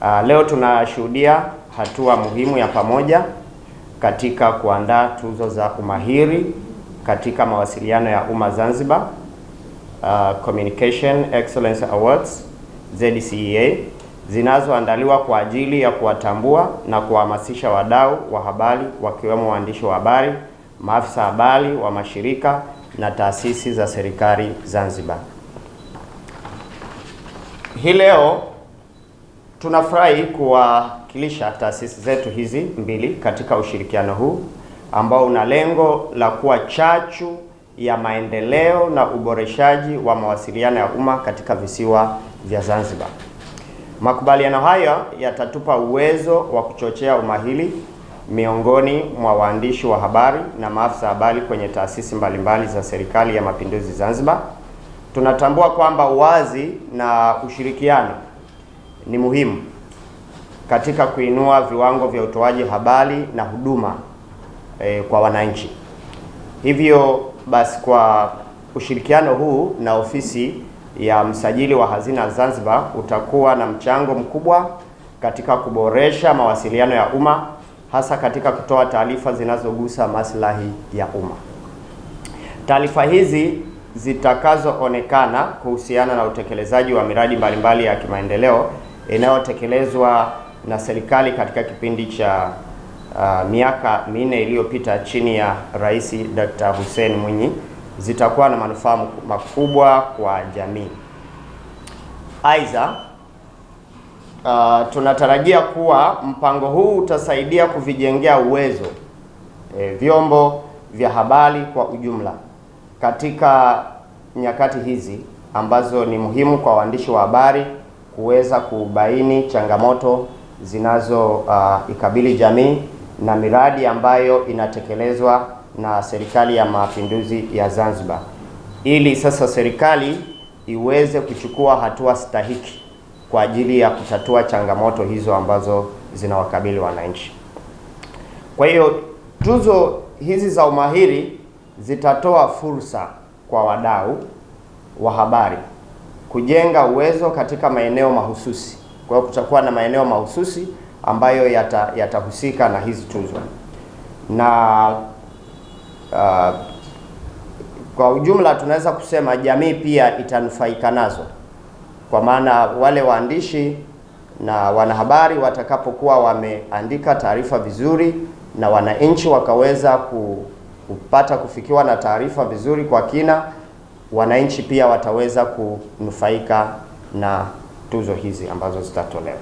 Uh, leo tunashuhudia hatua muhimu ya pamoja katika kuandaa tuzo za umahiri katika mawasiliano ya umma Zanzibar, uh, Communication Excellence Awards ZCEA zinazoandaliwa kwa ajili ya kuwatambua na kuwahamasisha wadau wa habari wakiwemo waandishi wa habari, maafisa habari wa mashirika na taasisi za serikali Zanzibar. Hii leo Tunafurahi kuwakilisha taasisi zetu hizi mbili katika ushirikiano huu ambao una lengo la kuwa chachu ya maendeleo na uboreshaji wa mawasiliano ya umma katika visiwa vya Zanzibar. Makubaliano hayo yatatupa uwezo wa kuchochea umahili miongoni mwa waandishi wa habari na maafisa habari kwenye taasisi mbalimbali za Serikali ya Mapinduzi Zanzibar. Tunatambua kwamba uwazi na ushirikiano ni muhimu katika kuinua viwango vya utoaji habari na huduma e, kwa wananchi. Hivyo basi kwa ushirikiano huu na ofisi ya msajili wa hazina Zanzibar utakuwa na mchango mkubwa katika kuboresha mawasiliano ya umma hasa katika kutoa taarifa zinazogusa maslahi ya umma. Taarifa hizi zitakazoonekana kuhusiana na utekelezaji wa miradi mbalimbali ya kimaendeleo inayotekelezwa na serikali katika kipindi cha uh, miaka minne iliyopita chini ya Rais Dr. Hussein Mwinyi zitakuwa na manufaa makubwa kwa jamii. Aidha, uh, tunatarajia kuwa mpango huu utasaidia kuvijengea uwezo e, vyombo vya habari kwa ujumla katika nyakati hizi ambazo ni muhimu kwa waandishi wa habari kuweza kubaini changamoto zinazoikabili ah, uh, jamii na miradi ambayo inatekelezwa na Serikali ya Mapinduzi ya Zanzibar ili sasa serikali iweze kuchukua hatua stahiki kwa ajili ya kutatua changamoto hizo ambazo zinawakabili wananchi. Kwa hiyo tuzo hizi za umahiri zitatoa fursa kwa wadau wa habari kujenga uwezo katika maeneo mahususi. Kwa hiyo kutakuwa na maeneo mahususi ambayo yatahusika yata na hizi tuzo na uh, kwa ujumla tunaweza kusema jamii pia itanufaika nazo, kwa maana wale waandishi na wanahabari watakapokuwa wameandika taarifa vizuri na wananchi wakaweza kupata kufikiwa na taarifa vizuri kwa kina wananchi pia wataweza kunufaika na tuzo hizi ambazo zitatolewa.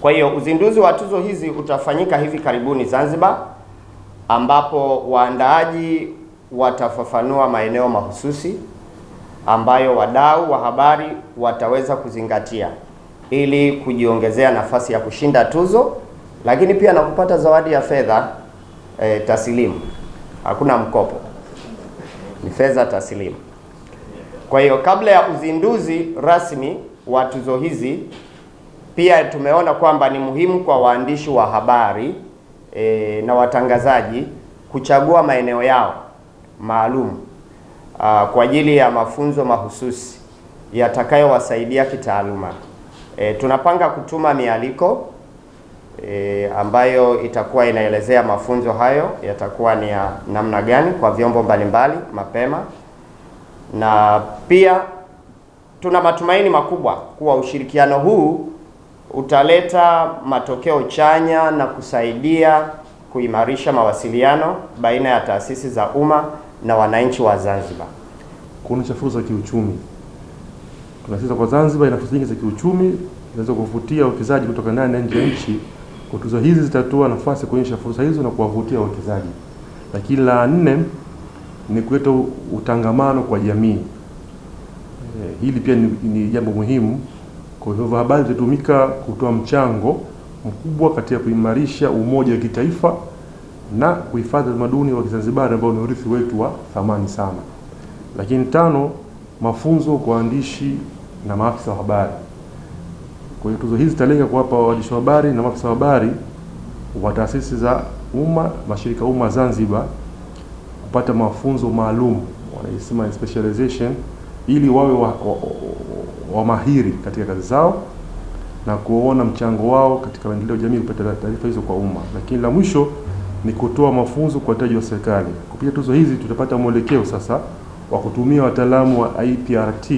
Kwa hiyo uzinduzi wa tuzo hizi utafanyika hivi karibuni Zanzibar, ambapo waandaaji watafafanua maeneo mahususi ambayo wadau wa habari wataweza kuzingatia ili kujiongezea nafasi ya kushinda tuzo, lakini pia na kupata zawadi ya fedha e, taslimu. Hakuna mkopo, ni fedha taslimu. Kwa hiyo kabla ya uzinduzi rasmi wa tuzo hizi pia tumeona kwamba ni muhimu kwa waandishi wa habari e, na watangazaji kuchagua maeneo yao maalum kwa ajili ya mafunzo mahususi yatakayowasaidia kitaaluma. E, tunapanga kutuma mialiko e, ambayo itakuwa inaelezea mafunzo hayo yatakuwa ni ya namna gani kwa vyombo mbalimbali mapema na pia tuna matumaini makubwa kuwa ushirikiano huu utaleta matokeo chanya na kusaidia kuimarisha mawasiliano baina ya taasisi za umma na wananchi wa Zanzibar. Kuna fursa za kiuchumi, tunasisitiza kwa Zanzibar ina fursa nyingi za kiuchumi zinaweza kuvutia wawekezaji kutoka ndani na nje ya nchi. Tuzo hizi zitatoa nafasi ya kuonyesha fursa hizo na kuwavutia wawekezaji. Lakini la nne ni kuleta utangamano kwa jamii. E, hili pia ni, ni jambo muhimu. Kwa hivyo habari zitatumika kutoa mchango mkubwa katika kuimarisha umoja wa kitaifa na kuhifadhi utamaduni wa Kizanzibari ambao ni urithi wetu wa thamani sana. Lakini tano, mafunzo kwa waandishi na maafisa wa habari. Kwa hiyo tuzo hizi zitalenga kuwapa waandishi wa habari na maafisa wa habari wa taasisi za umma, mashirika umma Zanzibar kupata mafunzo maalum wanaisema specialization, ili wawe wa, wa, wa mahiri katika kazi zao na kuona mchango wao katika maendeleo ya jamii kupata taarifa hizo kwa umma. Lakini la mwisho ni kutoa mafunzo kwa watendaji wa serikali. Kupitia tuzo hizi tutapata mwelekeo sasa wa kutumia wataalamu wa IPRT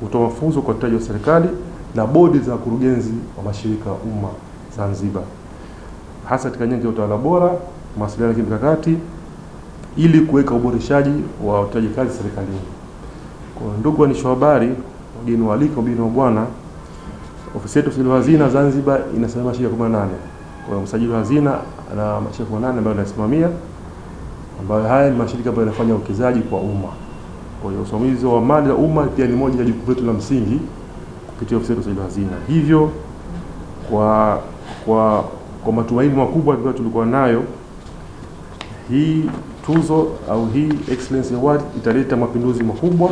kutoa mafunzo kwa taji wa serikali na bodi za kurugenzi wa mashirika ya umma Zanzibar, hasa katika nyanja ya utawala bora, mawasiliano ya kimkakati ili kuweka uboreshaji wa utendaji kazi serikalini. Kwa ndugu waandishi wa habari, wageni waalikwa, mgeni wa bwana, ofisi yetu msajili wa hazina Zanzibar inasimamia masharika 18. Kwa hiyo msajili wa hazina ana masharika 18 ambayo anasimamia, ambayo haya ni mashirika ambayo yanafanya uwekezaji kwa umma. Kwa hiyo usimamizi wa mali za umma pia ni moja ya jukumu letu la msingi kupitia ofisi yetu msajili wa hazina. Hivyo kwa kwa kwa matumaini makubwa ambayo tulikuwa nayo hii tuzo au hii Excellence Award italeta mapinduzi makubwa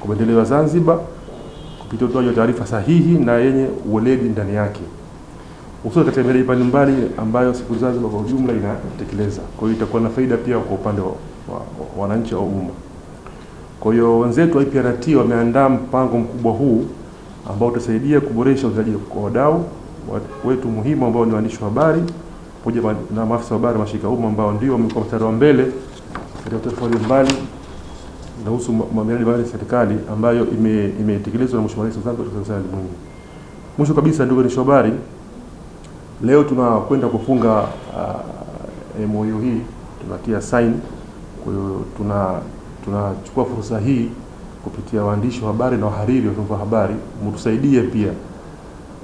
kwa maendeleo ya Zanzibar kupitia utoaji wa taarifa sahihi na yenye uweledi ndani yake, hususan katika miradi mbalimbali ambayo Siku Zanzibar kwa ujumla inatekeleza. Kwa hiyo itakuwa na faida pia kwa upande wa wananchi au umma. Kwa hiyo wenzetu wa IPRT wameandaa mpango mkubwa huu ambao utasaidia kuboresha utendaji kwa wadau wetu muhimu ambao ni waandishi wa habari pamoja na maafisa wa habari wa mashirika umma ambao ndio wamekuwa mstari wa mbele katika taarifa mbalimbali inahusu miradi mbalimbali ya serikali ambayo imetekelezwa na Mheshimiwa Rais wa Zanzibar katika serikali mwingi. Mwisho kabisa, ndugu waandishi wa habari, leo tunakwenda kufunga uh, ah, MOU hii tunatia sign. Kwa hiyo tuna tunachukua fursa hii kupitia waandishi wa habari na wahariri wa vyombo vya habari mtusaidie pia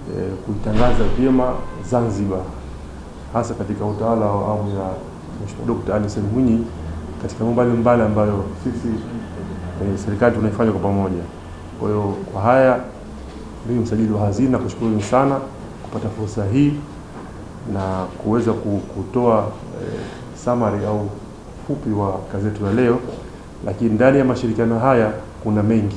e, kuitangaza vyema Zanzibar hasa katika utawala wa awamu ya Mheshimiwa Dkt. Ali Selim Mwinyi katika mambo mbalimbali ambayo sisi e, serikali tunaifanya kwa pamoja. Kwa hiyo kwa haya mimi msajili wa hazina kushukuru sana kupata fursa hii na kuweza kutoa e, summary au fupi wa yetu ya leo, lakini ndani ya mashirikiano haya kuna mengi.